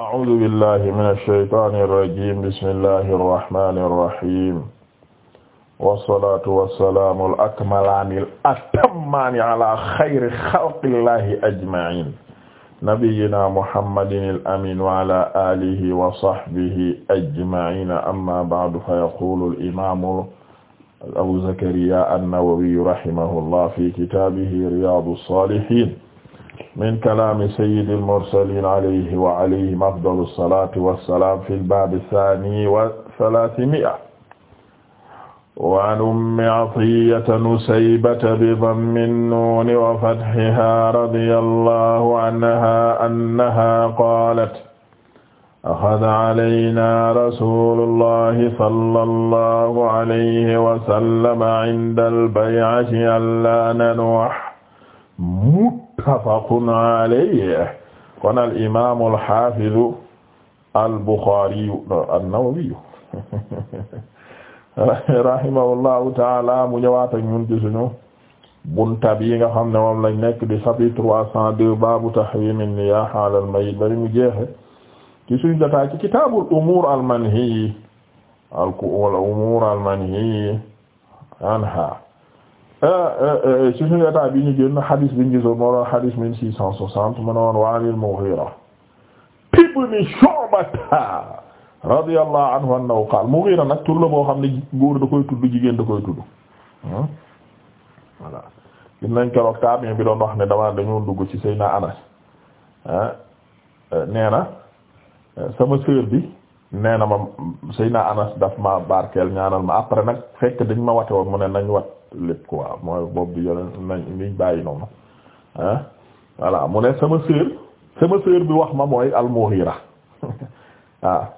أعوذ بالله من الشيطان الرجيم بسم الله الرحمن الرحيم والصلاة والسلام الأكملان الأتمان على خير خلق الله أجمعين نبينا محمد الأمين وعلى آله وصحبه أجمعين أما بعد فيقول الإمام أبو زكريا النووي رحمه الله في كتابه رياض الصالحين min kalaami sayyidil mursaliin alayhi wa alayhim afdalu salaatu wa salaam fil baabi saani wa salaasimi'a. wa an ummi atiyyata nusaybata bi dammi nuuni wa fathihaa radiyallaahu anhaa annahaa qaalat axada alaynaa rasuulullaahi sallallaahu alayhi wa sallam indal bay'ati allaa nanuuh mutafaqun alayhi kon al imaamu al xaafizu al buxaariyu an mu ñëwaat ak ñun ci suñu bunta bi nga xam ne moom lañ nekk di chapitre trois cent deux baabu tahriimi al mayyit bari mu jeexe ci suñu jotaay ci kitaabul umuur al al umuur al anha ci euh, euh, suñu état bi ñu génn xadis bi ñu gisoon moo doon xadis mille six cent soixante mu ne woon wa anil Mughira ibn Shu'bata radiyallahu anhu annahu nag tur boo xam ne góor da koy tudd jigéen da koy tudd hmm? voilà nañ keroog tabiin bi ne dama dañoo dugg ci Seydina Anas ah, euh, nee na sama sœur bi nee na ma Seydina Anas daf ma barkeel ñaanal ma après nag fekk dañ ma wate woon mu ne nañ wat lépp quoi mooy bopp bi yore nañ niñ bàyyi noonu ah voilà mu ne sama sœur sama sœur bi wax ma mooy al-Mughira waaw ah,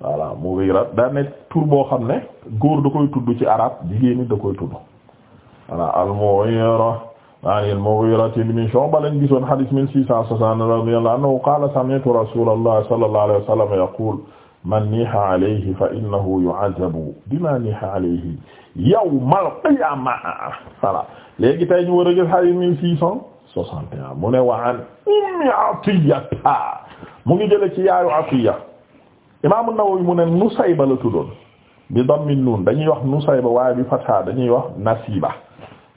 voilà Mughira daa nekk tur boo xam ne góor da koy tudd ci arab jigéen ñi da koy tudd voilà al-Mughira an al-Mughira ibn Shu'ba lañ gisoon hadith 1660 radiyallahu anhu qala sami'tu rasulullah sallallahu alayhi wa sallam yaqul man niha alayhi fa innahu yu'azabu bima niha alayhi yawmal qiyama voilà léegi tey ñu war a gis xadis mille six cent soixante et un mu ne waan ummi atiyata mu ngi jële ci yaayu atiya imam an-Nawawi mu ne Nusayba la tuddoon bi dammi nuun dañuy wax Nusayba waaye bi fatha dañuy wax Nasiba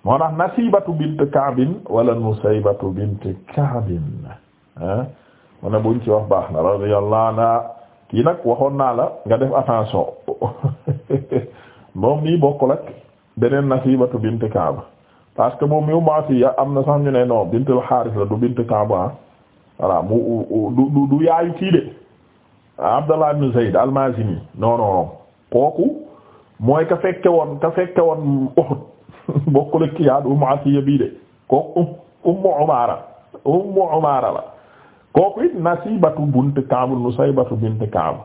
moo tax Nasibatu bint Kaabin wala Nusaybatu bint Kaabin ah mu ne buñ ci wax baax na radiyallahu anha kii nag waxoon naa la nga def attention moom nii bokkul ak beneen Nasibatu bint Kaaba parce que moom yu Maasiya am na sax ñu ne non bintul Xaaris la du bint Kaaba ah. voilà mu du du yaayu kii de Abdallah ibn Zayd al-Mazini kooku mooy ka fekke woon ka fekke woon Uhud bokkul ak kii yaa bii de kooku um, Ummu Umaara Ummu Umaara la. kooku it Nasibatu bint Ka'b Nusaybatu bint Ka'b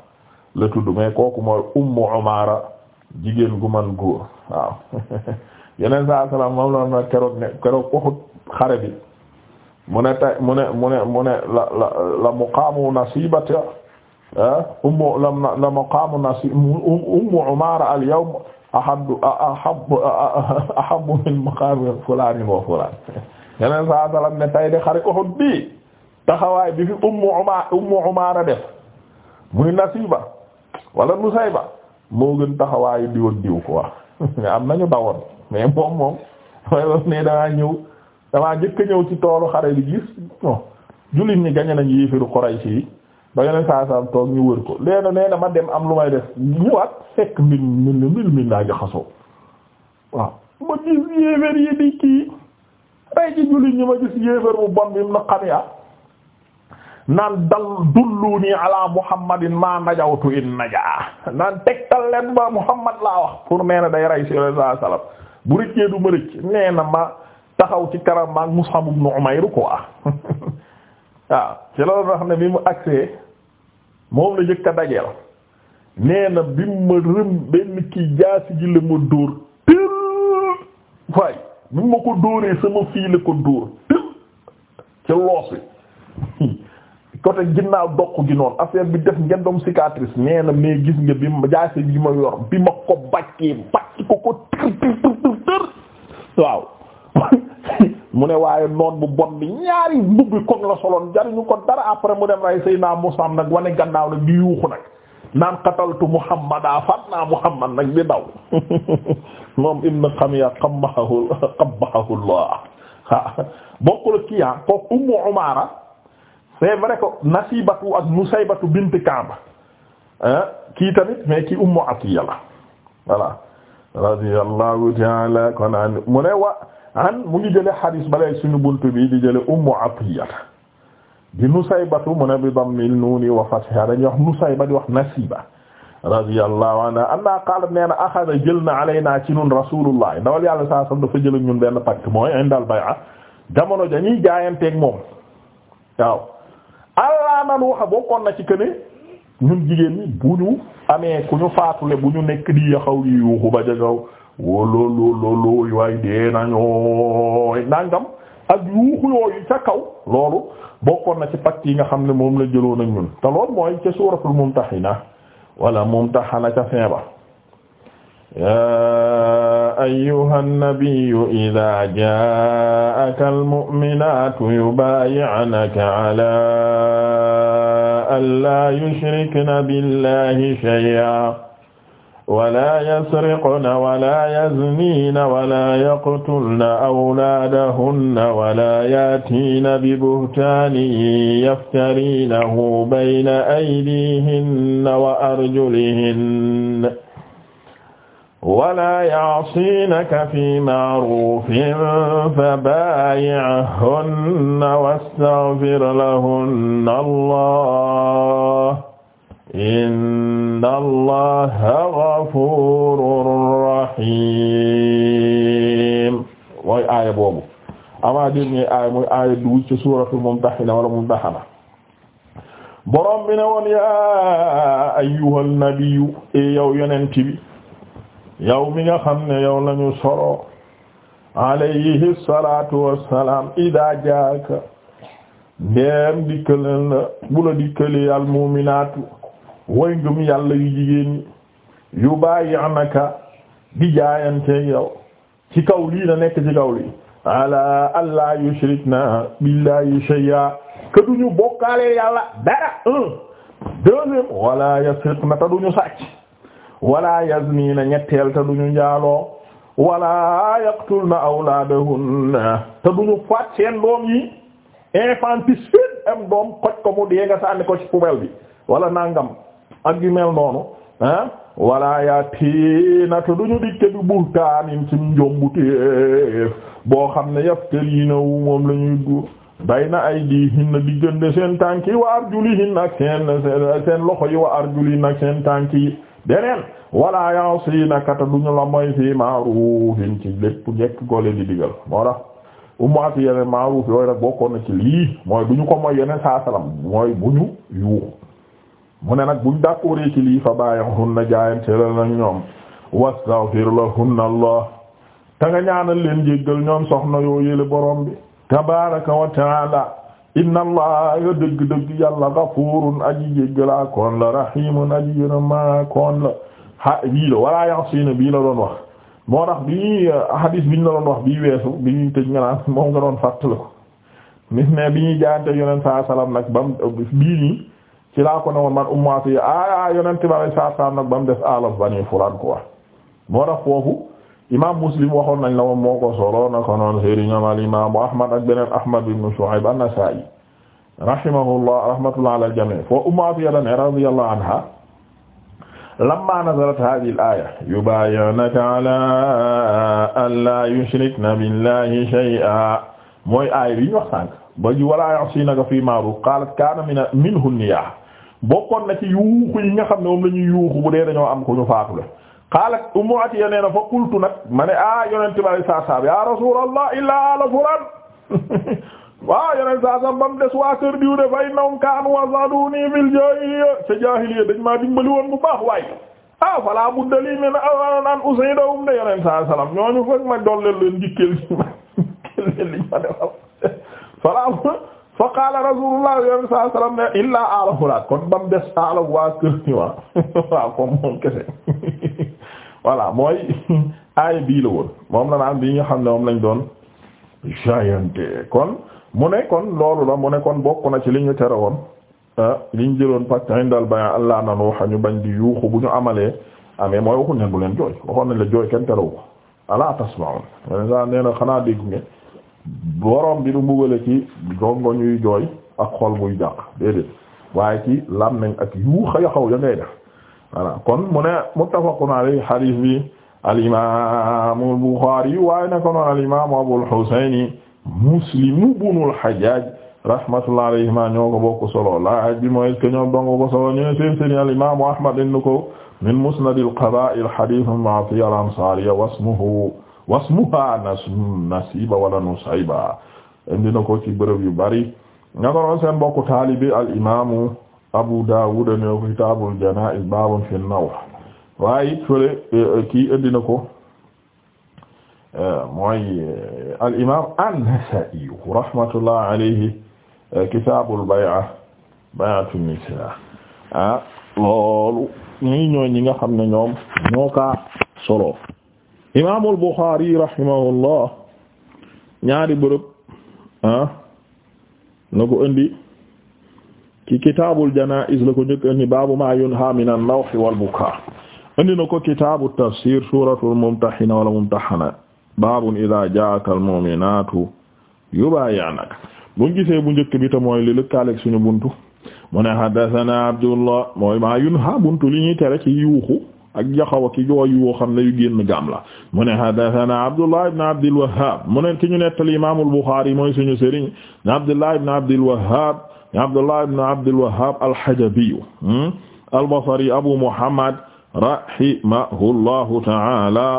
la tudd mais kooku mooy Ummu Umaara jigéen gu man góor waaw yeneen saa salaam moom la na keroog ne keroog Uhud xare bi mu ne tay mu ne mu ne mu ne la la la muqaamu Nasibata ah, ummu la la muqaamu Nasib Ummu Umaara al-yawm ahaddu ahabbu ahabbu min maqaami fulaanin wa fulaan yeneen saa salaam ne tay de xare Uhud bi taxawaay bi fi ummu uma ummu umaara def muy nasiba wala nusayba moo gën taxawaayu diw ak diw quoi am nañu dawoon mais moom moom mooy loolu ne dangaa ñëw damaa njëkk ñëw ci toolu xare bi gis jullit ñi gañe nañu yéefiru Quraysh yi ba yeneen saa saa toog ñu wër ko leena nee na ma dem am lu may def ñëwaat fekk mbir mi mbir laa jaxasoo waaw ma gis yéefér yi di kii rey ci jullit ñi ma gis yéefér bu bon bi mu na naan dal dulluni ala muhammadin ma najawtu in najaa naan tegtal leen ba muhammad laa wax pour nee na day rey si yoneen saa bu rëccee du ma rëcc nee na ma taxaw ci kanam maag Mus'ab ibn Umayr quoi waaw ci loolu nga xam ne bi mu agsee moom la njëkk a dajeel nee na bi ma rëm benn kii jaasi ji la ma dóor tër waay bi ma ko dóoree sama fii la ko dóor tër ca loos wi côté ginnaaw doq gi noonu affaire bi def ngendom cicatrice nee na gis nga bi ma jaase bi ma yor bi ma ko bàccee bàcc ko ko tër tër tër tër waaw mu ne waaye noon bu bon bi ñaari mbubbi koŋ la soloon jariñu ko dara après mu dem ray sëy naa Mus'ab nag wane gannaaw nag di yuuxu nag naan qataltu Muhammadaa faat Muhammad nag di daw moom ibn Qamiya qabbahahu qabbahahu Allah bokkul kii ah kooku Ummu Umaara c'est vrai que Nasibatu ak Nusaybatu bint Ka'b kii tamit mais kii Ummu Atiya la voilà radiyallahu ta'ala kon an mu ne wa an mu ngi jële hadis balay suñu buntu bi di jële Ummu Atiya di Nusaybatu mu ne bi dammil nuuni wa fathiha dañuy wax Nusayba di wax Nasiba radiyallahu anha anna qaalat nee na axada jël na alaynaa ci ñun rasulullah ndawal yàlla saa sam dafa jël ñun benn pacte mooy indal bay'a jamono ja ñuy jaayanteeg moom waaw allah nan waxa bokkoon na ci këne ñun jigéen ñi bu ñu amee ku ñu faatule bu ñu nekk di yaxaw yi yuuxu ba jagaw wolo loolu waaye dee nañooy nangam ak yuuxu yooyu ca kaw loolu bokkoon na ci pacte yi nga xam ne moom la jëloon ak ñun te loolu mooy ca suuratul mumtahina wala mumtahana ca fin yaa ayyuhan nabiyyu idaa jaa'akal mu'minaatu yubaayi'naka alaa allaa yushrikna billaahi shay'an wa laa yasriqna wa laa yazniina wa laa yaqtulna awlaadahunna wa laa yaatiina bibuhtaanin yaftariinahu bayna aydiihinna wa arjulihinna wala ya'sinaka fi ma'rufin fabayi'hunna wastaghfir lahunna Allah inna Allaha ghafurur rahim mooy aaya boobu avant dernier aaya mooy aaya douze ci suuratul Mumtahina wala Mumtahana borom bi ne woon yaa ayyuhan nabiyyu e yow yonent bi yow mi nga xam ne yow lañu solo alayhi salatu wassalam ida jaaka ndeem dikkaleen la bu la dikkali al mu'minaatu way ngëm yàlla yu jigéen yu bàyyanaka di jaayante yow ci kaw lii na nekk ci kaw lii ala allah yushrikna billahi shay'a ke duñu bokkaale yàlla dara un deuxième wala yasriqna ta duñu sàcc wala yazniina ñetteel te duñu njaaloo wala yaqtulna awlaadahunna te duñu faat seen doom yi infanticide am doom xoj ko mu dee nga sànni ko ci poubelle bi wala nangam ak yu mel noonu ah wala yatiina te duñu dikke bi buhtaanin ci njombuteef boo xam ne yaftarina wu moom la na ay bayna aydihinna diggante seen tànk yi wa arjulihinna ak seen seen loxo yi wa arjulihinna ak seen tànk yi deneen wala ya'sinaka te duñu la moy fii ma'ruufin ci lépp njekk goole di digal moo tax ummaatu yeneen ma'ruuf yooyu rek bokkoon na ci lii mooy duñu ko mooy yeneen saa mooy bu ñu yuuxu mu ne nag buñ d'accord ci lii fa baayaxunna jaayante la nag ñoom wastaghfir lahunna allah te nga ñaanal leen jéggal ñoom soxna yoo borom bi tabaaraka wa ta'aala inna allah yo dëgg-dëgg yàlla ghafuurun aji jéggalaa koon la rahimun aji yërëmaa koon la ha yii la walaa ya'sina bii la doon wax moo tax bi uh, hadis bi ñu la doon wax bii weesu bi ñuy tëj nga naan moom nga doon fàttali ko mis ne bi ñuy jaante yonent saa salaam nag bam mu bii nii ci laa ko ne woon man ummaati yi yonent bi sallallahu alayhi wasallam nag ba mu des aalaf bani fulaan ko wax moo tax foofu imam Muslim waxoon nañ la moom moo ko solo na ko noon sëriñam al imam Ahmad ak beneen Ahmad ibn Shu'ayb an-Nasa'i rahimahullah rahmatullah ala al-jami' fo Ummu Atiya ne radiyallahu anha lamma nazalat hadhihi al-aya yubayi'naka ala an la yushrikna billahi shay'an mooy aaya bi ñu wax sànq ba ji wala ya'sinaka fi ma'ruf qalat kana min minhu an-niyaha bokkoon na ci yuuxu yi nga xam ne moom la ñuy yuuxu bu dee dañoo am ko ñu faatu la qaalat ummu atiya nee na nag ma ah yonent bi saa saa bi ya rasulallah illaa ala fulan waaw yonent saa ba mu des waa kër de fa innahum kaanu wasaduni fil jahiliya sa jahiliya dañ maa dimbali woon bu baax waay ah falaa budda min an usaydahum de yonent saa ñooñu foog ma dolleel leen dikkeel liñ ma defal falaa fa qaala rasulullah yonent saa ne illaa ala fulan kon ba mu des ala waa kër moom kese. voilà mooy aay bii la woon moom la naan bi nga xam ne moom lañ doon jaayante kon mu ne kon loolu la mu ne kon bokk na ci li ñu tere woon ah, li ñu jëloon pacte indal bayan allah nan waxa ñu bañ di yuuxu bu ñu amalee amee ah, mooy waxuñ leen bu leen jooy waxoon nañ la jooy kenn terewu ko ala tasmaun mane sa nee xanaa dégg nga boroom bi du mbugale ci gongo ñuy jooy ak xol buy jàq déedéet waaye ci lam nañ ak yuuxa yaxaw ya ngay def voilà kon mu ne muttafaqun alayhi hadith bi al imam al Bukhari waaye na ko noon al imam Abul Husayn Muslim ibn al Hajjaj rahmatullah alayhima ñoo ko bokk solo laaj bi mooy que ñoom dongo ko solo ñu ne seen seen al imam Ahmad indi ko min musnad al qaba'il hadith ma fi al ansariya wasmuhu wasmuha nasiba wala nusayba indi na ko ci bërëb yu bari ña ko noon seen bokk taalibi al imam Abu Dawud ne ko kitaabul janaa'iz baabun fi naw waaye it fële eh, kii na ko eh, mooy eh, al imaam an-Nasaa'i rahmatullah alayhi kitaabul bay'a bay'atu nisaa ah loolu ñuy ñoo ñi nga xam ne ñoom ñoo ka solo imaamul Buxaari rahimahullah ñaari ah na ko ci kitaabul janaa'iz la ko njëkk indi baabu maa yunhaa mina an-nawhi wal bukaa indi na ko kitaabu tafsir suuratul mumtahina wal mumtahana baabun idaa jaa'akal mu'minaatu yubaayi'naka bu ñu gisee bu njëkk bi te mooy li lëkkaaleeg suñu buntu mu ne haddasanaa Abdullah mooy maa yunhaa buntu li ñuy tere ci yuuxu ak jaxaw ak jooy woo xam ne yu génn gaam la mu ne haddathana Abdullah ibn Abdil Wahhab mu ne ki ñu nettali Imaamul Buxaari mooy suñu sëriñ Abdullah ibn Abdil Wahhab Abdullah ibn Abdul Wahhab al-Hajabi hmm? al-Basri Abu Muhammad rahimahullahu ta'ala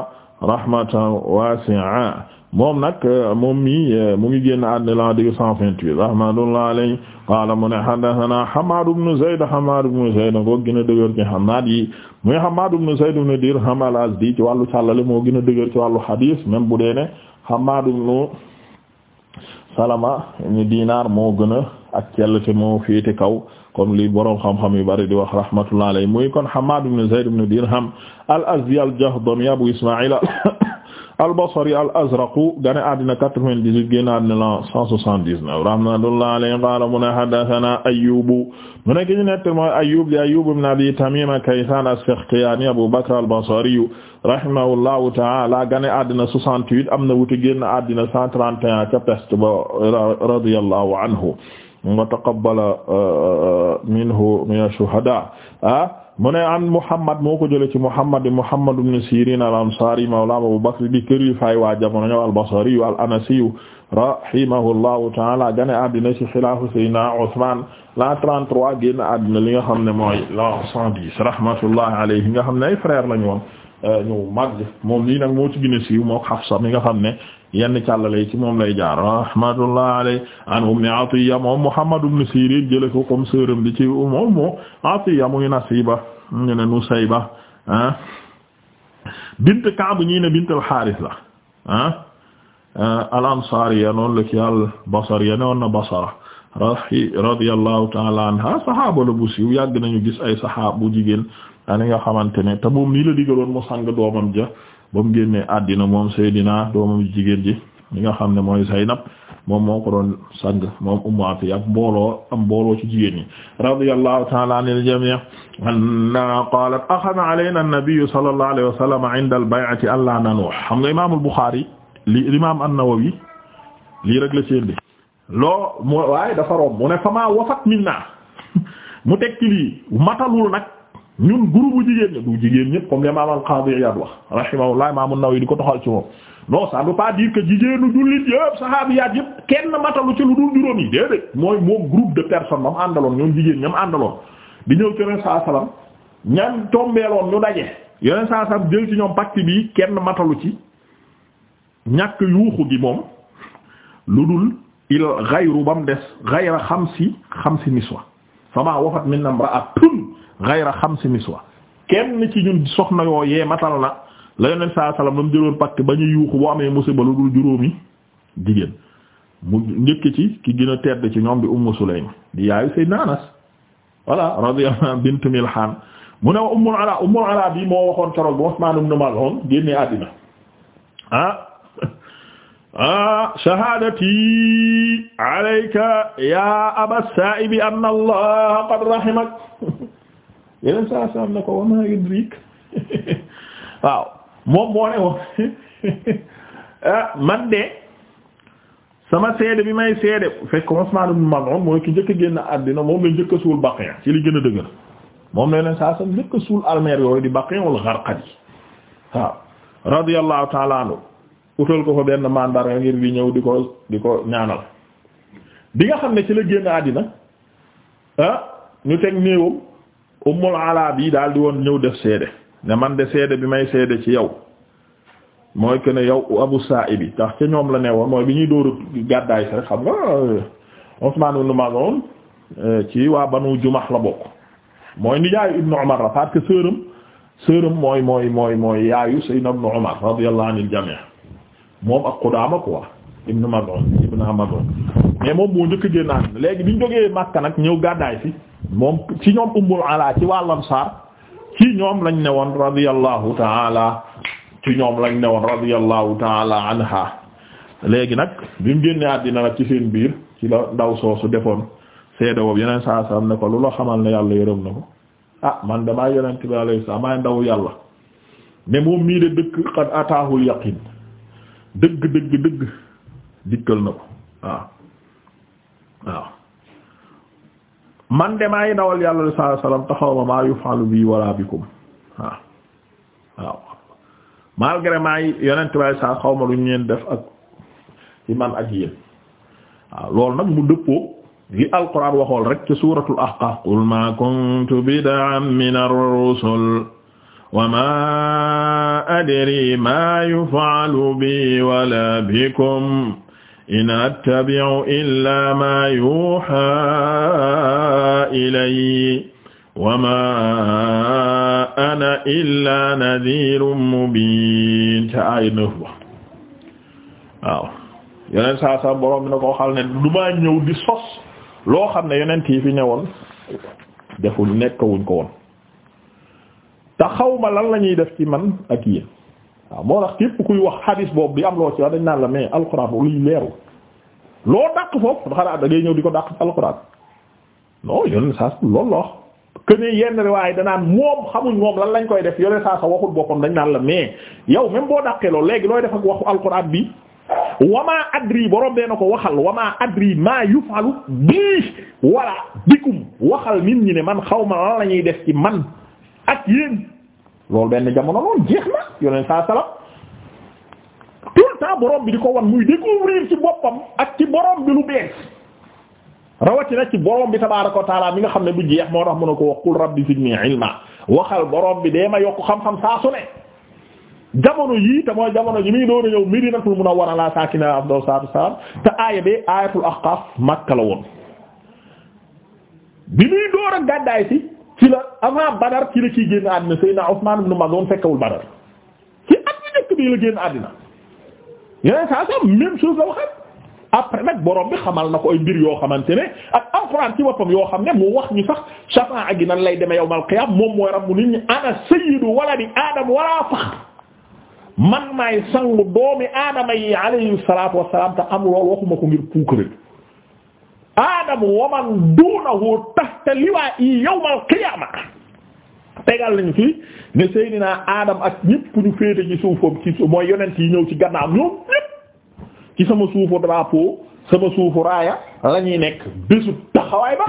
rahmatan wasi'a moom nag moom mi mu ngi génn àddina la 228 rahmatullahi alayhi qaala mu ne haddathana Hammad ibn Zayd Hammad ibn Zayd ko gën a dëgër ci Hammad yi muy Hammad ibn Zayd ibn Dirham al-Azdi ci wàllu sàllale moo gën a dëgër ci wàllu hadith même bu dee ne Hammad ibn Salama ibn Dinar moo gën a ak cellte moo féete kaw comme li boroom xam-xam yu bari di wax rahmatullah alayhi muy kon Hammad ibn Zayd ibn Dirham al-Azdi al-Jahdami Abu Isma'il al-Basri al-Azraq gane àddina 98 génn àddina la 179 rahmatullah alayhi qala mu ne haddathana Ayyub mu nekk ñu nett mooy Ayyub di Ayyub ibn Abi Tamima Kaysan as-Sakhtiyani Abu Bakr al-Basri rahimahullahu ta'ala gane àddina 68 am na wuute génn àddina 131 ca peste ba radiyallahu anhu wa taqabbala uh, uh, uh, minhu min ash-shuhada ah, mu ne an Muhammad moo ko jëlee ci Muhammad Muhammad ibn Sirin al-Ansari mawla Abu Bakr di këri fay waa jamono ñëw al-Basri al-Anasi rahimahullahu ta'ala gane addina ci xilaafu Sayyidina Usman la 33 génn addina li nga xam ne mooy la 110 rahmatullahi alayhi nga xam ne ay frère lañu woon ñu mag moom lii nag moo ci gën a siiw moo Hafsa mi nga xam ne yenn càllale ci moom lay jaar rahmatullah alay an ummi atiya moom muhammad ibn sirin jële ko comme sœuram bi ci moom moo atiya muy nasiba ñu ne nusayba ah bint Kaab ñii ne bint al-Haaris la ah, ah al-Ansaariya noonu la ci al-Basriya ne woon na Basra rahi radiyallahu ta'ala anha sahaaba la bu siiw yàgg nañu gis ay sahaaba bu jigéen ani nga xamante ne te moom nii la digaloon mu sang doomam ja ba mu génnee àddina moom Seydina doomam jigéen ji li nga xam ne mooy Zaynab moom moo ko doon sang moom Ummu Atiya ak mbooloo am mbooloo ci jigéen ñi radiyallahu ta'ala anil an-nabiy sallallahu alayhi wa sallam 'inda al-bay'ati xam nga imam al li imam an-Nawawi lii rek la seen bi loo mu waaye dafa room mu ne famaa wafat minna mu tekki lii matalul nag ñun groupe jigéen ñi du jigéen ñëpp comme l'imam al-Qadi Iyad wax rahimahullah imam an-Nawawi di ko toxal ci moom non ça ne veut pas dire que jigéenu jullit yëpp sahabiyaat yëpp kenn matalu ci lu dul juróom yi déedéet mooy moo groupe de personnes mam àndaloon ñoom jigéen ñam àndaloon di ñëw ci Rasul sallallahu alayhi wasallam ñan tombeeloon ñu daje yeneen saa sam jël ci ñoom pacte bii kenn matalu ci ñàkk yuuxu gi moom lu dul il gayru ba mu des gayra xamsi xamsi niswa fama wafat ghayra xamsi miswa kenn ci ñun soxna yoo yee matal na la yoneen saa salaam la mu jëloon pàcc ba ñu yuuxu boo amee musiba lu dul juróomi jigéen mu njëkk ci ki gën a tedd ci ñoom bi Ummu Sulaym di yaayu Sayyidina Anas voilà radiyallahu anha bint Milhan mu ne wa Ummul Ala Ummul Ala bi moo waxoon keroog bu Usmaan ibn Mal'un génnee àddina ah ah shahaadati alayka ya aba sa'ibi anna Allah qad rahimak yeneen saa saa ne ko wa maa yudrik waaw moom moo ne woon ah, man de sama seede bi may seede fekk Usmaan ibn Maz'un mooy ki njëkk a génn àddina moom la njëkk suul Baqiya ci li gën a dëgër moom la yeneen saa saa njëkk suul almeer yooyu di Baqiya wal Gharqad yi waaw radiyallahu ta'ala utal ko fa benn mandarga ngir di ñëw di ko di ko ñaanal bi nga xam ne ci la génn àddina ah, ñu teg néewam ummul ala bi daal di woon ñëw def seede ne man de seede bi may seede ci yow mooy que ne yow abu sa'ib bi tax ca ñoom la ne woon mooy bi ñuy dóoru gàddaay sa rek xam nga euh, Usman ibn Maz'un euh, ci waa banu jumax la bokk mooy nijaayu ibnu Umar la parce que sërëm sërëm mooy mooy mooy mooy yaayu sayyidna ibnu Umar radiyallahu anil jami' moom ak Qudaama quoi ibnu Maz'un ibnu Maz'un mais moom moo njëkk génn léegi biñ jógee Makka nag ñëw gàddaay si moom ci ñoom ummul ala ci wàllam saar ci ñoom lañ ne woon radiyallahu taala ci ñoom lañ ne woon radiyallahu taala anha léegi nag bi mu génnee àddina nag ci seen biir ci la ndaw soosu defoon seede boobu yeneen saa saa ne ko lu la xamal ne yàlla yërëm na ko ah man damaa yonent bi alayhi salaam maay ndaw yàlla mais moom mii de dëkk xad ataahul yaqin dëgg dëgg dëgg dikkal na ko waaw waaw man de maa ngi dawal yàlla sallallahu alayhi wasallam taxaw ma maa yufalu bi wala bikum waaw waaw malgré maa ngi yonent baay saa xaw ma lu ñu leen def ak ci man ak yéen waaw loolu nag mu dëppoo li alquran waxool rek ci suratul ahqaf qul ma kuntu bid'an min ar-rusul wa ma adri ma yufalu bi wala bikum in attabi'u illa ma yuha ilayya wa ma ana illa nadhirun mubin ca ay neuf ba waaw yeneen saa saa borom bi na ko xal ne du maa ñëw di sos loo xam ne yeneen yi fi ñëwoon defuñ nekkawuñ ko woon te xawma lan la ñuy def ci man ak yéen waaw moo tax képp kuy wax hadis boobu di am loo ci wax dañ naan la mais alxuraan luy leeru loo dàq foofu xanaa da ñëw di ko dàq alxuraan non yone saa loolu la wax que ne yenn riwaay danaan moom xamuñ moom lañ koy def yone saa sa waxul boppam dañ naan la mais yow même boo dàqee loolu léegi looy def ak waxu alxuraan bi wamaa adri borom dee na ko waxal wamaa adri maa yufalu bii wala bikum waxal nit ñi ne man xaw ma la ñuy def ci man ak yéen. loolu benn jamono loolu jeex na yoneen saa salaam tout le temps bi di ko wan muy découvrir ci boppam ak ci borom bi lu bees rawatina ci borom bi tabaaraka wa taala mi nga xam ne bu jeex moo tax mën a ko wax qul rabbi zidni ilma waxal borom bi dee ma yokk xam-xam saa su jamono yii te mooy jamono ji muy doon a ñëw Madinatul Munawwara la saakina te aaya bi muy door a gàddaay si ci la avant Badar ci la ciy génn àddina Seydina Ousmane ibn Maz'un fekkewul Badar ci at bi la génn àddina yeneen saa saa même chose la waxat après nag borom bi xamal na ko ay mbir yoo xamante ne ak alxuraan ci boppam yoo xam ne moo wax ni sax shafaa gi nan lay demee yawmal qiyaam moom mooy rabu nit ñi ana sayyidu waladi aadam wala faxr man maay sangu doomi aadama yi alayhi salaatu wassalaam te am loolu waxuma ko ngir puukareel aadamu wa man duunahu tahta liwaa'i yawmal qiyaama tegal nañu fii ne Seydina Adam ak ñépp ñu féete ci suufam ci mooy yonent yi ñëw ci gannaaw ñoom ñépp ci sama suufu drapeau sama suufu raaya la nekk bésu taxawaay ba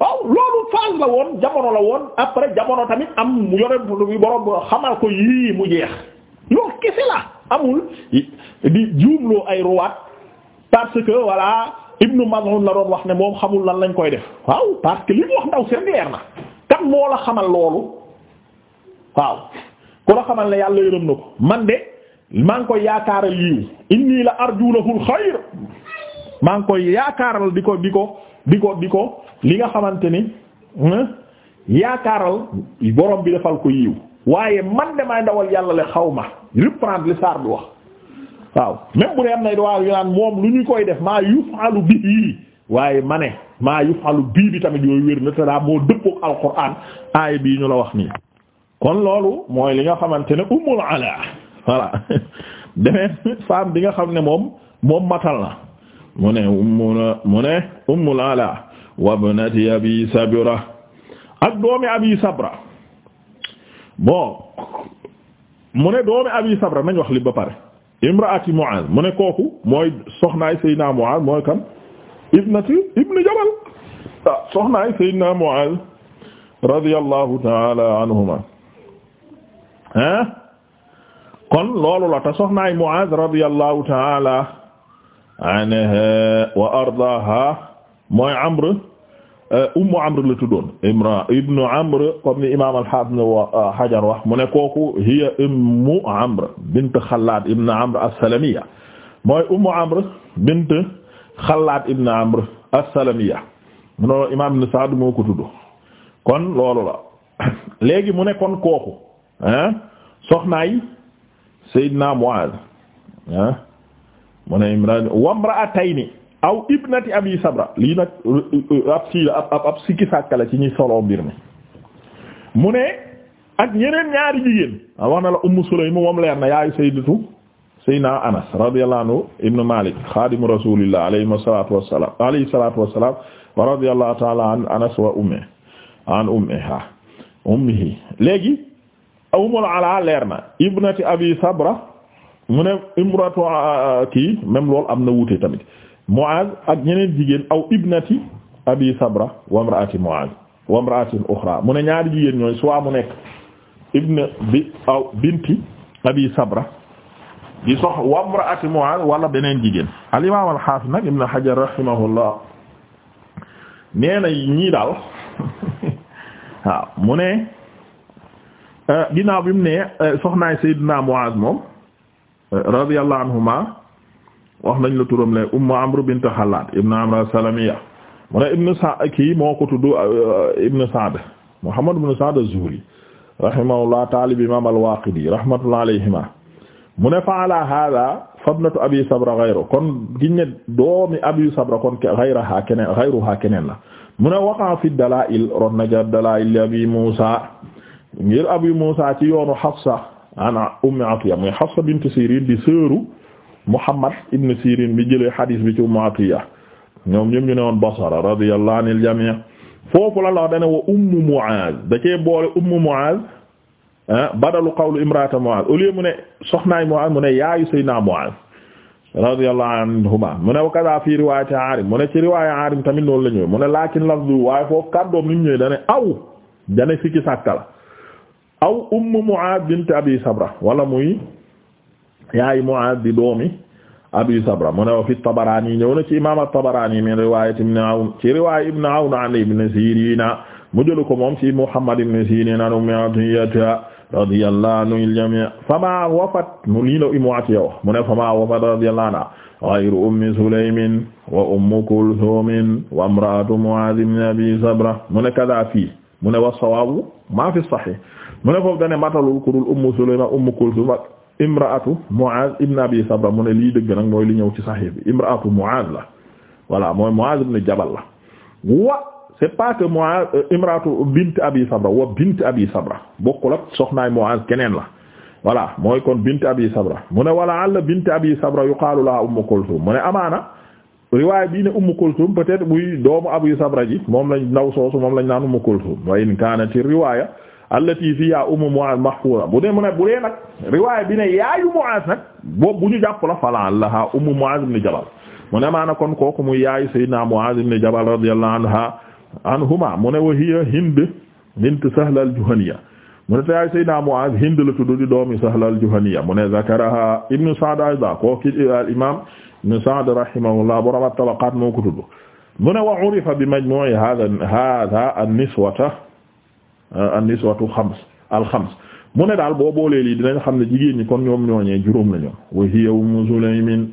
waaw loolu phase la woon jamono la woon après jamono tamit am mu yonent bi borom xamal ko yii mu jeex loolu kese la amul di juumloo ay ruwaat parce que voilà. ibnu Maz'un la doon wax ne moom xamul lan lañ koy def waaw parce que li wax ndaw si na kan moo la xamal loolu waaw ku la xamal ne yàlla yërëm na ko man de maa ngi koy yaakaaral yiw inni la arju lahul maa ngi koy yaakaaral di ko di ko di ko di ko li nga xamante ni yaakaaral borom bi defal ko yiw waaye man de may ndawal yàlla le xaw ma reprendre li saar bi wax waaw même bu dee am na waaw yu naan moom lu ñu koy def maa yufalu bihi waaye ma ne maa yufalu bii bi tamit yooyu wér na te daa moo dëppook alquran aaya bii ñu la wax nii kon loolu mooy li nga xamante ne ummul ala voilà bi nga xam ne moom moom matal na mu ne ummul mu ne ummul ala wabnati abi sabra ak doomi abi sabra bon mu ne doomi abi sabra nañ wax li ba pare imraati Mu'aaz mu ne kooku mooy soxnaay Seydina Mu'aaz mooy kan ibnati ibnu Jabal ah soxnaay Seydina Mu'aaz radiyallahu taala anhuma ah kon loolu la ta soxnaay Mu'aaz radiyallahu taala anha wa ardaaha mooy Amr Euh, ummu amr la tuddoon imra ibnu amr comme imam al-hafiz hajar wax mu ne kooku hiya ummu amr bint xalaad ibn amr as mu ne imam ibn sa'd moo ko tudd kon loolu la léegi mu ne kon kooku ah soxnaay sayyidna mu ne wa imra'atayni aw ibnati abi sabra lii nag euh, euh, ab sikki sàkka ci ñuy soloo mbir mi mu ne ak ñeneen ñaari jigéen ah, wax na la ummu sulaym moom leer na yaayu sayyidatu sayyidina anas radiyallahu anhu ibnu anas wa ummi an ummiha ummihi léegi umul ala leer na ibnati abi sabra mu ne imratu ah, kii même loolu am na wuute tamit Muaz ak ñeneen jigéen aw ibnati abi sabra wa imraati Muaz wa imraatin uxra mu ne ñaari jigéen ñooy soit mu nekk ibn bi aw binti abi sabra wa imraati Muaz wala beneen jigéen al imaam al xaafis nag Hajar rahimahullah nee na ñii daal waaw mu ne eh, ginnaaw bi mu ne eh, soxnaay Seydina Muaz moom eh, radiyallahu anhuma wax nañ la turam le ummu amr bint xalaat ibn amr as-salamiya mu ibn sa'd kii moo ko tudd euh, ibn sa'd muhammad ibn sa'd az-zuhri rahimahullah taalib imam al-waqidi rahmatullah alayhima mu ne fa ala hada fabnatu abi sabra abi sabra kon ghayruha keneen ghayruha keneen la mu ne waqa fi dalail ron naja dalail abi musa ngir abi musa ci yoonu hafsa ana ummi atiya muy hafsa bint sirin di sëru Muhammad ibn Sirin bi jëlee hadis bi ci Ummu Atiya ñoom ñoom ñu ne woon Basra radiyallahu foofu la la dana wa ummu Muaz da cee boole ummu Muaz ah, badalu qawlu imraata Muaz au lieu mu ne soxnaay Muaz mu ne yaayu Seydina Muaz radiyallahu anhuma mu ne wa fi riwaayati Aarim mu ne ci riwaayu Aarim tamit loolu la ñëw mu ne laakin lafdu waaye foofu kàddoom ni mu dana aw dana fiki sàkka la aw ummu Muaz bint Abi Sabra wala muy. yaay Mu'aaz di doomi Abi Sabra mu ne wa fi Tabaraani ñëw na ci imaam At-Tabaraani min riwaayati Ibn Awn ci riwaaya Ibn Awn an Ibn Siriin mu jëlu ko moom ci Muhammad ibn Siriin an Ummi Atiyya radiyallahu anhu al-jamii' famaa wafat mu lii la Ummu Atiyya wax mu ne famaa wafat radiyallahu anha ghayru Ummi Sulaymin wa Ummu Kulthumin wa imra'atu Mu'aaz ibn Abi Sabra mu ne kadaa fii mu ne wa sawaabu maa fi sahih mu ne foofu dane matalul ku dul Ummu Sulaym Ummu Kulthum imraatu Muaz ibn Abi Sabra mu ne lii dëgg nag mooy li ñëw ci Sahih bi imraatu Muaz la voilà mooy Muaz ibn Jabal la wa c'est pas que Muaz euh, imraatu bint Abi Sabra wa bint Abi Sabra bokkul ak soxnaay Muaz keneen la voilà mooy kon bint Abi Sabra mu ne wala àll bint Abi Sabra yuqaalu laha Ummu Kulthum mu ne amaana riwaay bii ne Ummu Kulthum peut-être muy doomu Abi Sabra ji moom lañ ndaw soosu moom lañ naan Ummu Kulthum wa in kaanati riwaaya allati fiha ummu Mu'aaz mahfuura bu dee mu ne bu dee nag riwaay bi ne yaayu Mu'aaz nag boobu bu ñu jàpp la fala laha ummu Mu'aaz ibn Jabal mu ne maana kon kooku muy yaayu sayyidina Mu'aaz ibn Jabal radiyallahu anha anhuma mu ne wa hiya Hind bint Sahl al-Juhaniya mu ne te yaayu sayyidina Mu'aaz Hind la tudd di doomi Sahl al-Juhaniya mu ne zakaraha Ibn Sa'd ayda kooku al-imaam Ibn Sa'd rahimahullah borom at-Tabaqaat moo ko tudd mu ne wa urifa bi majmu'i hadha hadha an-niswata Euh, an-niswatu xams mu ne daal boo boolee lii dinañ xam ne jigéen ñi kon ñoom ñooñee juróom la wa hiya ummu sulaymin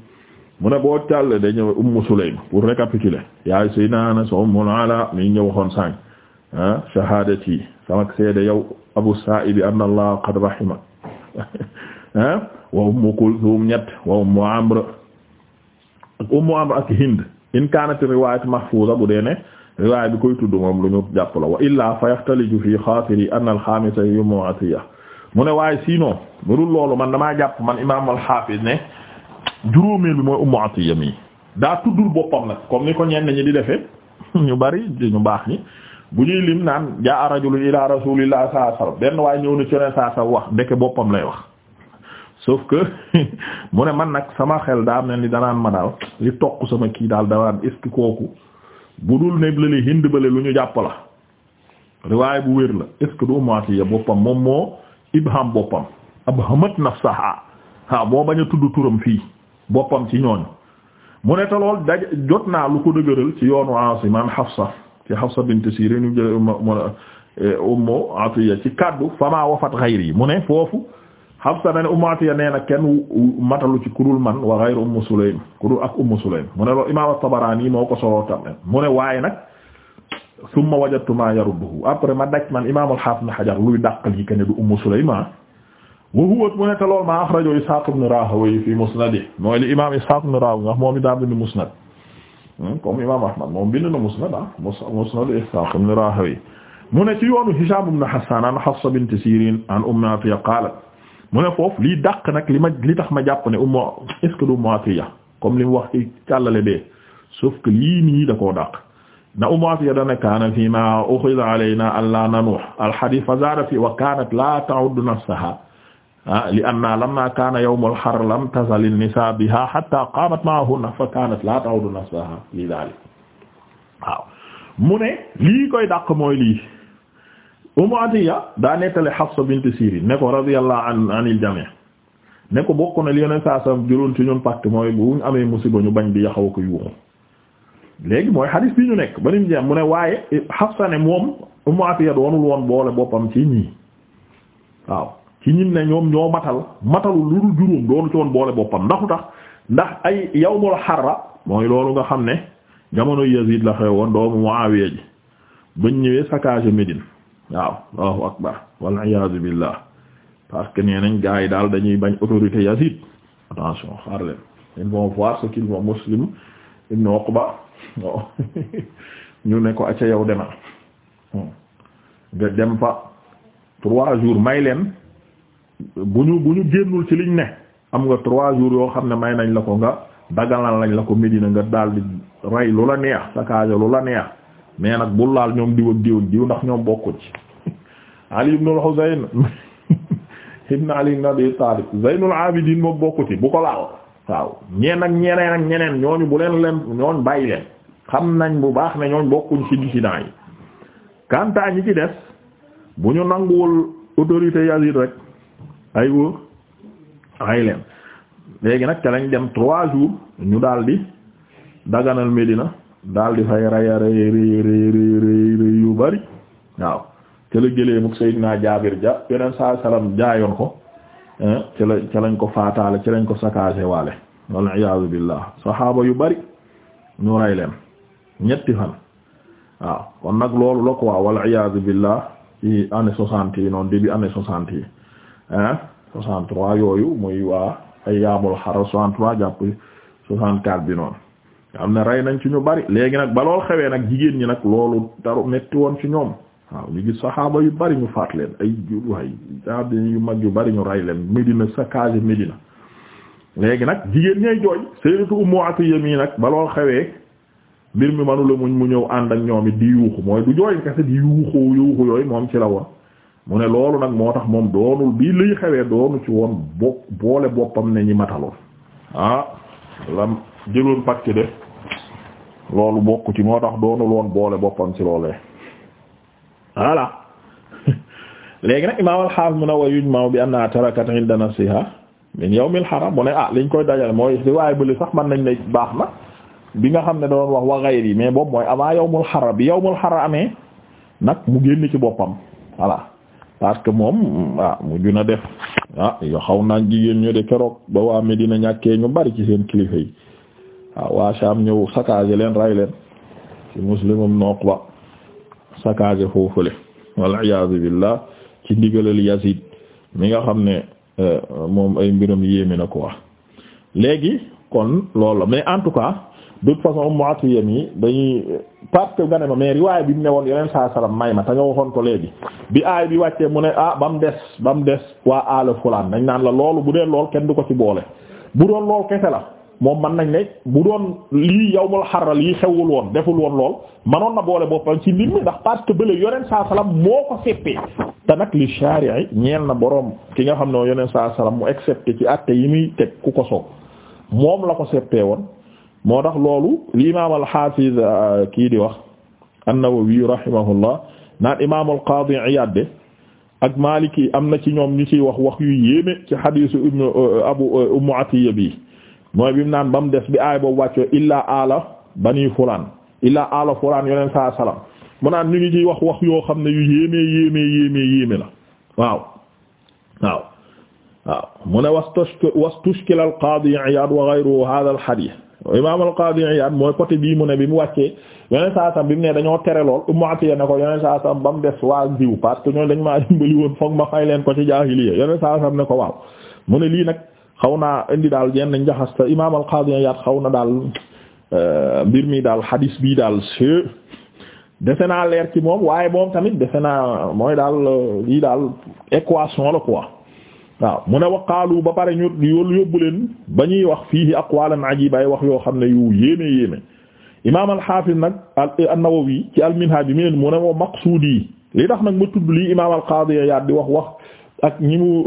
mu ne boo tàll dañu ummu sulaym pour récapituler yaay sayyidina anas ummul ala mi ñëw waxoon sànq ah shahadati sama seede yow abu sa'ib anna allah qad rahima ah wa ummu kulthum ñett wa ummu amr ak ummu ak hind in kanat riwayat mahfuza bu dee ne riwaay bi koy tudd moom lu ñu jàpp la wa illaa fa yaxtaliju fii xaafiri anna alxaamisa yawmu atiya mu ne waaye sinon budul loolu man damaa jàpp man imaam alxaafis ne juróomeel bi mooy ummu atiya mi daa tuddul boppam nag comme ni ko ñenn ñi di defee ñu bari ñu baax ñi bu ñuy lim naan jaa rajulun ila rasulillah sallallahu alayhi wasallam benn waaye ñëw na ci saa sa wax ndeke boppam lay wax sauf que mu ne man nag sama xel daa mel ni danaan ma daal li toq sama kii daal dawaan kooku bu dul ne lali hind lu ñu jàpp la riwaay bu wér la est-ce que du boppam moom moo ibham boppam abhamat nafsaha waaw moo bañ a tudd turam fii boppam ci ñooñu mu ne te lool daj jot naa lu ko dëgëral ci yoonu Aasim an Hafsa ci Hafsa bint Sirin ñu jël e, ummu Atiya ci kàddu fama wafat yi mu ne foofu Hafsa dane Ummu Atiya nee na kenn matalu ci kudul man wa ghayr Ummu Sulaym kudul ak Ummu Sulaym mu ne loolu imaam at-Tabarani moo ko soloo tamit mu ne waaye nag summa ma yarudduhu man imaam al-Hafiz Ibn Hajar luy dàqal yi kenn du Ummu Sulaym ah. wa huwa mu ne te ma akhrajahu Ishaq ibn Rahawayh fi musnadihi mooy li imaam Ishaq ibn Rahawayh wax i daa bind musnad hmm, comme na musnad ah musnad Ishaq ibn Rahawayh mu ne ci yoonu Hisham ibn Hassan an Hafsa bint Sirin an Ummu qalat mu ne foofu lii dàq nag li ma li tax ma jàpp ne ummu est-ce que du ummu Atiya comme li mu wax ci càllale bee sauf que lii nii da koo dàq na ummu Atiya dana kaana fii ma ukhidha alayna an la nanuh al hadith fa zada fi wa kanat la ta'uddu nafsaha li anna lamma kaana yawm al har lam tazal an nisa biha hatta qamat ma'ahunna fa kanat la ta'uddu nafsaha li dhalik waaw mu ne lii koy dàq mooy lii Ummu Atiya daa nettali Hafsa bint Sirin ne ko radiyallahu an anil jami' ne ko bokk na li yeneen saa sam juróon ci ñun pacte mooy bu ñu amee musiba ñu bañ di yaxaw ko yuuxu léegi mooy xadis bi ñu nekk ba nim jeex mu ne waaye Hafsa ne moom Ummu Atiya doonul woon boole boppam ci ñii waaw ci ñin ne ñoom ñoo matal matalu lu dul juróom doonu ci woon boole boppam ndaxu tax ndax ay yawmul harra mooy loolu nga xam ne jamono Yazid la xewoon doomu Muawiya ji bañ ñëwee saccage Médine waaw allahu akbar wal iyaazu billah parce que nee nañ gars yi daal dañuy bañ autorité Yazid attention xaar leen ils vont voir ce qu'ils vont Muslim ibn Uqba ñu ne ko acca yow demal hmm. nga dem fa trois jours may leen bu ñu bu ñu génnul ci liñ ne am nga trois jours yoo xam ne may nañ la ko nga dagalal lañ la ko Medina nga daal di rey lu la neex sa kaaja lu la neex mais nag bu laal ñoom diw ak diw ak diw ndax ñoom bokku ci Ali ibn al-Husayn ibn Ali ibn Abi Talib Zaynul Abidin moom bokku ci bu ko laal waaw ñeen ak ñeneen ak ñeneen ñooñu bu leen leen ñooñ bàyyi leen xam nañ bu baax ne ñooñ bokkuñ si dissidents yi kantaa ñi ci des bu ñu nanguwul autorité Yazid rek ay wóor ay leen léegi nag te lañ dem trois jours ñu daldi daganal Médina daal di fay raya rëy rëy rëy rëy yu bari waaw ca la gëlee mug Seydina Jaabir ja yeneen saa salaam jaayoon ko eh, ca la ca lañ ko faataale ca lañ ko sakaase waale wal iyaadu billah saxaaba yu bari ñu rey leen ñetti fan waaw kon nag loolu la ko waa wal iyaadu billah ci année soixante yi noonu début année soixante yi ah eh, soixante trois yooyu muy waa ay yaamul xar soixante trois jàpp soixante quatre bi noonu am na rey nañ ci ñu bari léegi nag ba xewee nag jigéen ñi nag loolu daru metti woon ci ñoom waaw ñu gis saxaaba yu bari ñu faat leen ay juruwaay saxaaba yu mag yu bari ñu ray leen Medina sa case Medina léegi nag jigéen ñay jooy Sayyidatu Ummu Atiyya mii nag ba xewee mbir mi manula muñ mu ñëw ànd ak ñoom it di yuuxu mooy du jooy kese di yuuxu yuuxu yooyu moom ci la woon mu ne loolu nag moo tax moom doonul bii liy xewee doonu ci woon bo boole boppam ne ñi mataloon ah jëloon pàcc de loolu bokku ci moo tax doonul woon boole boppam ci loolee voilà léegi nag imaam al-Haafiz mu ne wa yujma'u bi anna tarakat 'inda nafsiha min yawmil haram mu ne ah liñ koy dajale mooy riwaaya bële sax man nañ ne baax na bi nga xam ne doon wax wa ghayri mais boobu mooy avant yawmul haram bi yawmul haram amee nag mu génn ci boppam voilà parce que moom ah mujj def ah xaw naa jigéen ñu de keroog ba waa Medina ñàkkee ñu bari ci seen kilifa yi. waaw ah, waa Sham ñëw saccagé leen ray leen ci muslimum noqba saccagé foofule wal iyaazu billah ci ndigalal Yazid mi nga xam ne eh, moom ay mbiram yéeme na quoi léegi kon loolu la mais en tout cas de toute façon mu atiyam yi dañuy parce que nga ne ma mais riwaay bi mu ne woon yeneen saa may ma te nga waxoon ko léegi bi aay bi wàccee mu ne ah ba mu des ba mu des waa aala fulaan dañ naan la loolu bu dee lool kenn du ko ci boole bu doon lool kese la. moom man nañ ne bu doon lii yawmul xaral lii xewul woon deful woon lool manoon na boole boppal ci mbir mi ndax parce que bële yoneen saa salaam moo ko seppee te nag li shari'i ñeel na boroom ki nga xam ne yoneen saa salaam mu excepté ci àtte yi muy teg ku ko soog moom la ko seppee woon moo tax loolu li imaam al euh, kii di wax an-Nawawi rahimahullah naan imaamul Qaadi Iyaad de ak Maliki am na ci ñoom ñu ciy wax wax yu yéeme ci hadiisu Ibnu euh, Abu euh, Ummu Atiyya mooy bi mu naan ba mu des bi aay boobu wàccoo illaa aala bani fulaan illaa aala fulaan yoneen saa salaam mu naan ñu ngi ci wax wax yoo xam ne yu yéemee yéemee yéemee yéeme la waaw waaw waaw mu ne wastushkila al qaadi Iyaad wa ghayruhu hadha al hadith imaam al qaadi Iyaad mooy côté bii mu ne bi mu wàccee yoneen saa salaam bi mu ne dañoo tere lool Ummu Atiyya ne ko yoneen saa salaam ba mu des waa diw parce que ñooñu dañ maa dimbali woon foog ma fay leen ko ci jaahiliya yoneen saa salaam ne ko waaw mu lii nag xaw indi daal yenn njaxasta imaam al-Qaadi Iyaad xaw na daal euh, mbir mi daal xadiis bi daal see defe naa leer ci moom waaye moom tamit defe naa mooy daal euh, lii daal équation la quoi waaw mu ne waqaalu ba pare ñu yoolu yóbbu leen ba ñuy wax fiihi aqwaalan ajiba ay wax yoo xam ne yu yéeme yéeme imaam al-Haafiz nag an-Nawawi ci al-Minhaaj bi mu ne moo maqsuudi li tax nag ma tudd lii imaam al-Qaadi di wax wax ak ñi mu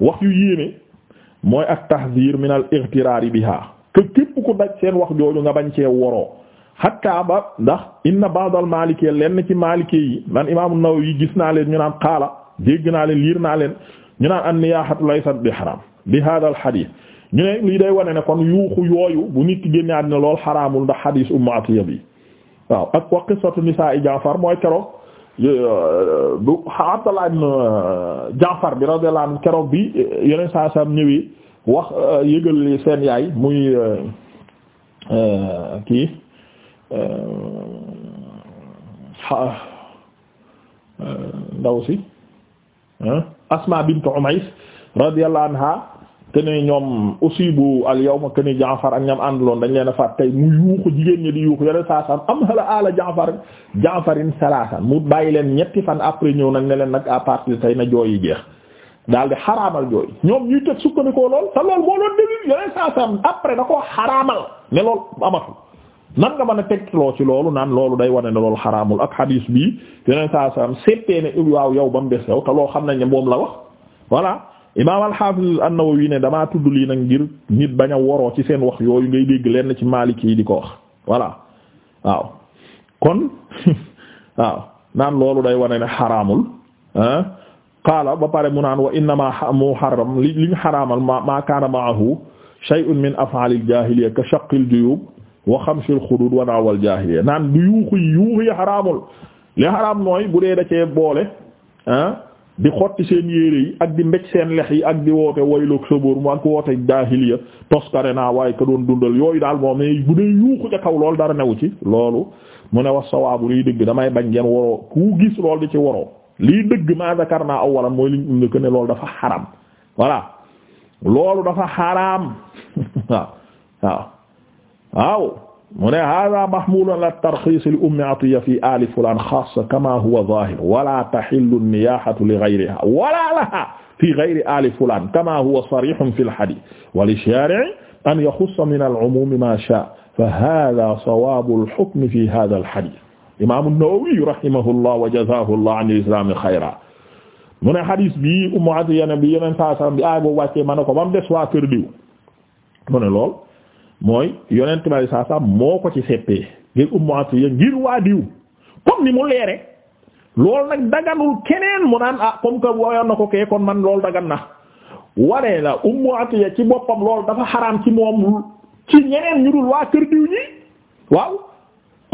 wax yu yéeme mooy ak tahzir min al ightiraar biha te képp ku seen wax jooju nga bañ cee woroo hatta ba ndax inna ba'd al maalikee lenn ci maalikee yi man imaamu Nawawi gis naa leen ñu naan qaala dégg naa leen liir naa leen ñu naan an niyaahatu laysat bi haram bi hada al ñu ne lii day wane ne kon yuuxu yooyu bu nit ki génne àddina lool xaraamul ndax hadith Ummu Atiyya waaw ak wa qissatu nisaa Jaafar mooy keroog Euh, bu Abdallah ibn euh, Jaafar bi radiyallahu anhu keroog bi yeneen saa saam ñëwee wax euh, yëgal seen yaay muy kii ndaw si Asma bint Umays radiyallahu anha kene ñoom bu al ma kene Jaafar ak ñam àndaloon dañ leen a faat tey mu yuuxu jigéen ñi di yuuxu yàlla saa saa am hala ala Jaafar Jaafarin salaasan mu bàyyi leen ñetti fan après ñëw nag ne leen à partir tey na jooy yi jeex daal di xaraamal jooy ñoom ñuy teg sukkandikoo lool te lool moo doon déglu yàlla saa saa après da koo xaraamal ne lool amatu nan nga mën a loolu naan loolu day wane ne loolu xaraamul ak hadis bii yeneen saa saa am seetee waaw yow ba mu des yow te loo xam nañ ne moom la wax voilà. imaam al-Hafiz an-Nawawi ne damaa tudd lii nag ngir nit bañ woroo ci seen wax yooyu ngay dégg lenn ci malik yi di ko wax voilà waaw kon waaw naan loolu day wane ne xaraamul qaala ba pare mu naan wa innama muharram li liñ xaraamal ma ma kaana ma'ahu shay'un min af'alil jaahiliyya ka shaqqil juyuub wa xamsil xuduud wa naawal jaahiliyya naan du yuuxu yuuxu yi xaraamul li xaraam mooy bu dee da cee boole di xotti seen yére yi ak di mbéj seen lex yi ak di woote wayloog sabóor mu ak woote jaahiliya toskare naa waaye ka dundal yooyu daal moom ne loolu dara newu ci loolu mu ne wax sawaabu liy dëgg damay bañ ngeen waroo ku gis loolu di ci waroo lii dëgg ma zakar naa awalan mooy liñ um ne loolu dafa xaram voilà loolu dafa xaram waaw waaw mu ne hada mahmulun ala tarxis li ummi atiya fi ali fulan xaasa kama huwa zahir wala taxillu niyahatu li gayriha wala laha fi gayri ali fulan kama huwa sarihun fi lhadith wa lishaari'i an yaxussa min al'umumi ma shaa fa hada sawabu lxukmi fi hada alhadith imaamu nawawi rahimahullah wa jazahullah an alislami xayra mu ne xadis bi ummu atiya bi yeneen saa salam bi aay boobu wàccee ma ne ko ba mu des waa kër diw mu ne lool mooy yonent bi saa saa moo ko ci seppee ngir Ummu Atiyya ngir waa diw comme ni mu leere loolu nag daganul keneen mu naan ah comme que woyoon na ko kee kon man lool dagan na waree la Ummu Atiyya ci boppam loolu dafa xaraam ci moom ci ñeneen ñu dul waa kër diw ñi waaw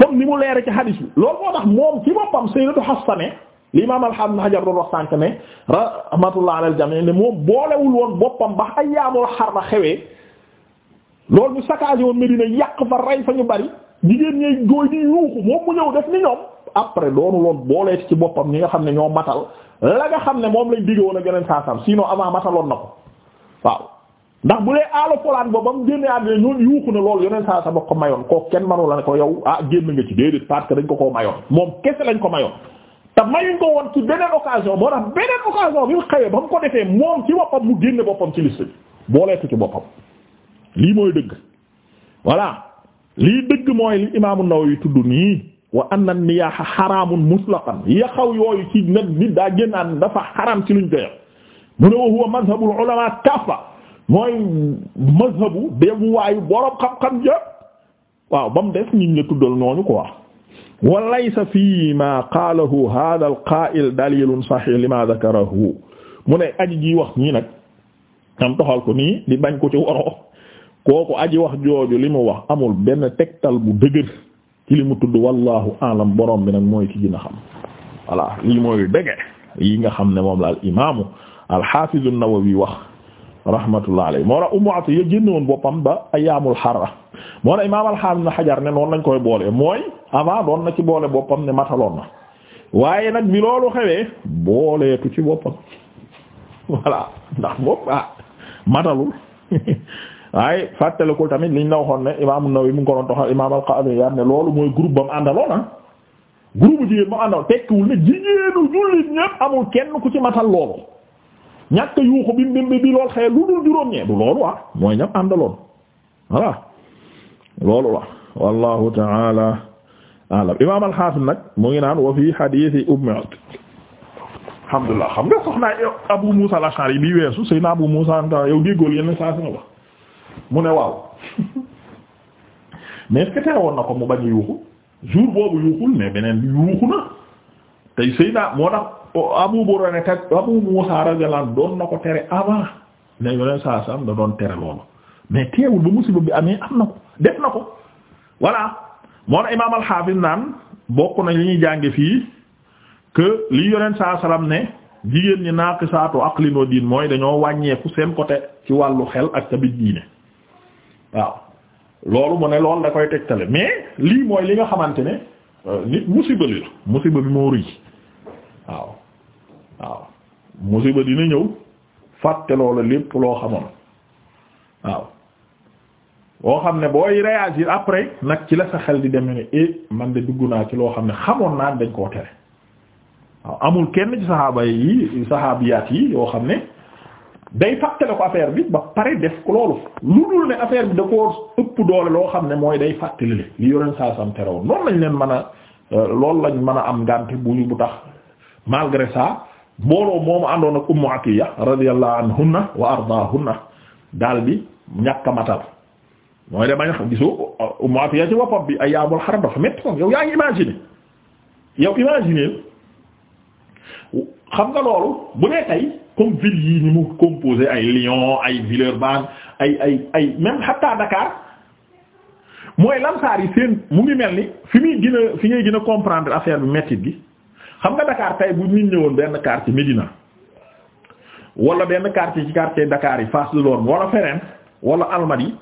comme ni mu leere ci hadis bi loolu moo tax moom ci boppam Sayyidatu Hafsa ne li imaam alhamdulilah Hajar doon wax sànq ne rahmatullah alal jami' ne moom boolewul woon boppam ba ayyaamul harra xewee. loolu ñu saccagé woon Medina yàq fa rey fa ñu bari jigéen ñey jooy di yuuxu moom mu ñëw def ni ñoom après doonu loon booleeti ci boppam ñi nga xam ne ñoo matal la nga xam ne moom lañ digg woon a geneen saasam sinon avant mataloon na ko waaw ndax bu dee aalo folaan ba ba mu génnee àddina ñoon yuuxu na lool yeneen saa sa ko mayoon koo kenn manu la ne ko yow ah génn nga ci déedéet parce ko dañ ko koo mayoon moom kese lañ ko mayoon te mayuñ ko woon ci beneen occasion moo tax beneen occasion bi mu xëyee ba mu ko defee moom ci boppam mu génne boppam ci liste bi ci boppam lii mooy dëgg voilà lii dëgg mooy li imaamu Nawawi tudd nii wa anna niyaaha xaraamun mutlaqan yaxaw yooyu ci nag nit daa génnaan dafa xaraam ci luñ koy mu ne wa huwa mazhabul ulamaa kaffa mooy mazhabu debu waayu borom xam-xam yëpp waaw ba mu des ñi la tuddal noonu quoi wa laysa fii maa qaalahu haadha al-qaa'il daliilun sahiih limaa dakarahu mu ne aji ji wax nii nag am toxal ko nii di bañ ko ci woro kooku aji wax jooju li mu wax amul benn tegtal bu dëgër ci li mu tudd wallahu alam borom bi nag mooy ki gën xam voilà lii mooy dëgg yi nga xam ne moom la al imaamu al xaafiz an-Nawawi wax rahmatullah alayhi moo tax Ummu Atiyya génn woon boppam ba ayyaamul xarra moo tax imaam al-xaafiz na xajar ne noonu lañ koy boole mooy avant doon na ci boole boppam ne mataloon na waaye nag bi loolu xewee booleetu ci boppam voilà ndax bopp ah, matalul waaye fàttale tamit liñ la waxoon ne imaam An-Nawawi mu ngi ko doon taxaw imaam al-Qadi ne loolu mooy groupe ba mu àndaloon ah groupe ba mu àndaloon tekkiwul ne ku ci matal loolu ñàkk bi bi lool xëy lu dul juróom-ñeent du loolu ah mooy ñam àndaloon loolu la wallahu ta'ala a'lam imaam al nag mu ngi naan wa fi hadiisi Umm alhamdulillah xam nga soxna Abu Musa al-Ash'ari bi weesu Seydina Abu Musa yow déggoo yenn saa si nga wax mu ne waaw mais est-ce que na ko mu bañ a yuuxu jour boobu yuuxul mais beneen bi yuuxu na tey sëy naa moo tax Abu Burayda te Abu Muusaa radiyallaahu anhu doon na ko tere avant ne yoneen saa sam da doon tere loolu mais teewul ba musiba bi amee am na ko def na ko voilà moo na imaam al naan bokk na li ñuy jànge fii que li yoneen saa salaam ne jigéen ñi naaqisaatu ak wa diin mooy dañoo wàññeeku seen côté ci wàllu xel ak tamit diine waaw loolu mu ne loolu da koy tegtale mais lii mooy li nga xamante ne euh, nit musiba li la musiba bi moo rëy waaw waaw musiba dina ñëw fàtte loola lépp loo xamoon waaw boo xam ne booy réagir après nag ci la sa xel di demee ne eh, man de dugg naa ci loo xam ne xamoon naa dañ koo tere waaw amul kenn ci saxaaba yi saxaabiyaat yi yoo xam ne day fàttale ko affaire bi ba pare def ko loolu lu dul ne affaire bi da koo ëpp doole loo xam ne mooy day fàttali le li yoreen saa sam terewoon noonu lañ leen mën a euh, loolu lañ mën a am ngànte bu ñu bu tax malgré ça mbooloo moomu àndoon ak ummu atiya radiyallahu anhunna wa ardaahunna daal bi ñàkk matal mooy de bañ xam gisu ummu atiya ci woppam bi ay yaabul xaram dafa métti ko yow yaa ngi imaginer yow imaginer xam nga loolu bu dee tey comme ville yii ni mu composé ay Lyon ay Villeurbanne ay ay ay même hatta Dakar mooy lamsaar yi seen mu ngi mel ni fi muy gën a fi ngay gën a comprendre affaire bi métti gi xam nga Dakar tey bu ñu ñëwoon benn quartier Médina wala benn quartier ci quartier Dakar yi Fass Delorme wala feneen wala Almadies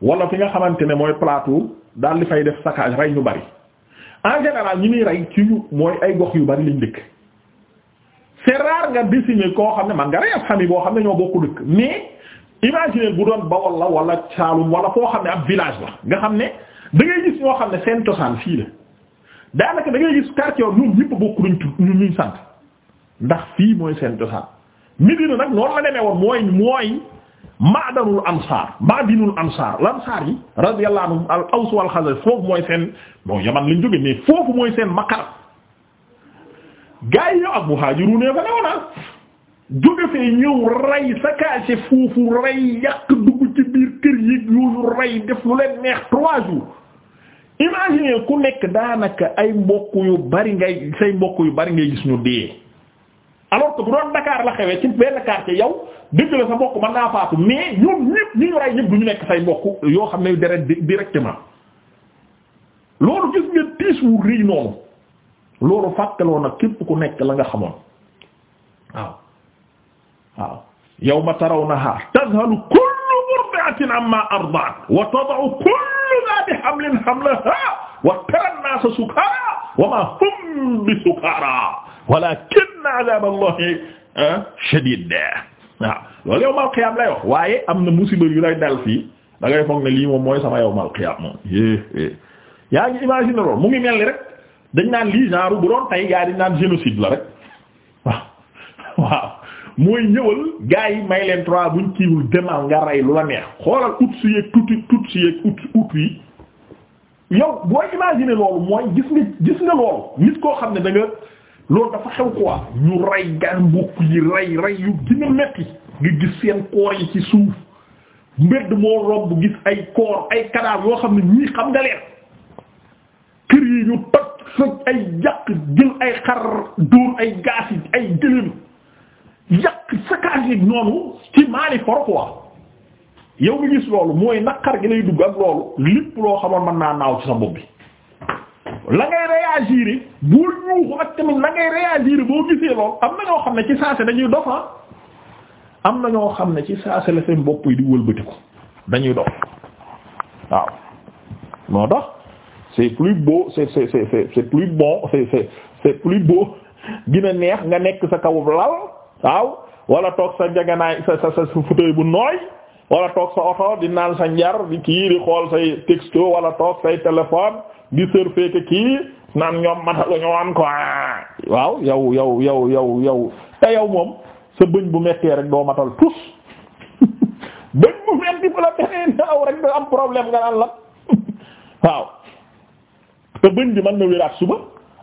wala fi nga xamante ne mooy Plateau daal di fay def saccage rey ñu bari en général ñi muy rey ci ñu mooy ay gox yu bari lañ dëkk. c'est rare nga désigner koo xam ne man nga rey ab famille boo xam ne ñoo bokku dëkk mais imaginer bu doon Bawol la wala Saalum wala foo xam ne ab village la nga xam ne da ngay gis ñoo xam ne seen cosaan fii la daanaka da ngay gis quartier ñoom ñëpp bokku sant ndax fii mooy seen cosaan Medina nag noonu la demee woon mooy mooy maadanul ansaar maadinul ansaar lansaar yi radiyallahu anhum al aws wal xasraj foofu mooy seen moo yaman lañ jóge mais foofu mooy seen maqar gaa yi yow ak muhaajiruun fa newoon ah jóge fee ñëw rey saccager foofu rey yàq dugg ci biir kër yi yooyu rey def lu leen neex trois jours imagine ku nekk daanaka ay mbokk yu bari ngay say mbokk yu bari ngay gis ñu dee alors que bu doon Dakar la xewee ci benn quartier yow dëgg la sa mbokk mën naa mais ñoom ñépp ñi ñu rey ñu nekk say mbokk yoo xam ne direct directement loolu gis nga tiis wu rëy noonu loolu fàttaloo a képp ku nekk la nga xamoon waaw waaw yawma tarawnaha tadhalu kullu murdi'atin amma arda'at wa tada'u kullu dhati hamlin hamlaha wa tara an-nasa sukara wa ma hum bi sukara walakinna 'adhaba allahi ah, shadid waaw loolu yawmal lay wax waaye am na musiba yu lay dal fii da ngay foog ne lii moom mooy sama yawmal qiyaam moom yaa ngi imaginer dañ naan lii genre bu doon tay gaa yi dañ naan génocide la rek waaw waaw mooy ñëwal gaa yi may leen trois buñ kiiwul demal nga rey lu la neex xoolal Tutsi yeeg tuuti Tutsi yeeg Hutu yi yow boo imaginer loolu mooy gis nga gis nga loolu nit koo xam ne da loolu dafa xew quoi ñu rey gan mbokk yi rey rey yu dina metti nga gis seen koor yi ci suuf mbedd moo romb gis ay koor ay cadavre yoo xam ne ñii xam nga leen kër yi ñu soj ay yàq jël ay xar dóor ay gaas yi ay gëléem yàq saccage yi noonu ci maali for quoi yow nga gis loolu mooy naqar gi lay dugg ak loolu lépp loo xamoon mën naa naaw ci sa bopp bi la ngay réagir boo ñuuxu ak tamit la ngay réagir boo gisee loolu am na ñoo xam ne ci saase dañuy dox ah. am na ñoo xam ne ci saase yi di wëlbati ko dañuy dox waaw moo dox c'est plus beau c'est c'est c'est c'est plus bon c'est c'est neex nga nekk sa kaw lal waaw wala toog sa njaganaay sa sa sa fauteuil bu nooy wala toog sa oto di naan sa njar di kii di xool say texto wala toog say téléphone di surfer kii naan ñoom matalu ñoom quoi ah. waaw yow yow yow yow yow te yow moom sa bëñ bu mettee rek doo matal tous bëñ bu metti bu la beneen aw rek da am problème nga naan la waaw te bëñ bi mën na wéraat suba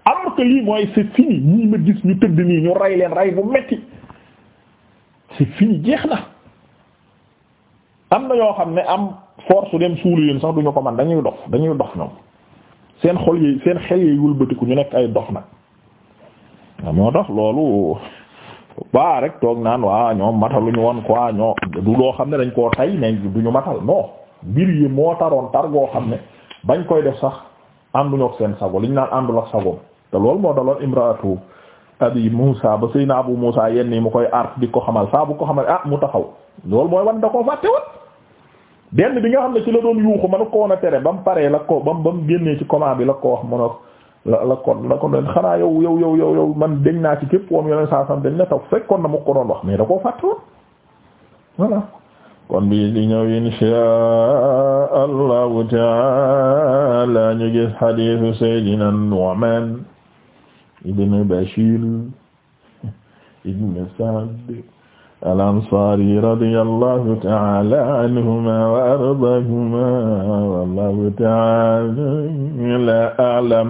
alors que lii mooy c'est fini ñii ma gis ñu tëdd nii ñu rey leen ray bu metti c'est fini jeex na am na yoo xam ne am force dem suulu leen sax duñu ko man dañuy dox dañuy dox ñoom seen xol yi seen xel yi wëlbatiku ñu nekk ay dox nag waaw moo tax loolu baa rek toog naan waa ñoom mataluñu woon quoi ñoo du loo xam ne dañ koo tay ne duñu matal non mbir moo taroon tar goo xam ne bañ koy def sax ànduñu ak seen sago liñ naan àndul ak sagoom te loolu moo daloon imraatu abi Musa ba sëy na Abu Musa yenn yi mu koy art di ko xamal saa bu ko xamal ah mu taxaw loolu mooy wan da koo fàtte woon benn bi nga xam ne ci la doon yuuxu manu ko woon a tere ba mu paree la ko ba mu ba mu génnee ci commande bi la ko wax mën la la kon la xanaa yow yow yow yow man dégg naa ci képp woon yeneen saa sam dañ ne taw fekkoon na mu ko doon wax mais da koo fàtte woon voilà. kon bi di ñëw inshaa allahu taala ñu gis hadiisu Seydina Nu'maan ibn Bashiir ibn Sa'd al-Ansaari radiyallahu taala anhumaa wa ardaahumaa wallahu taala a'lam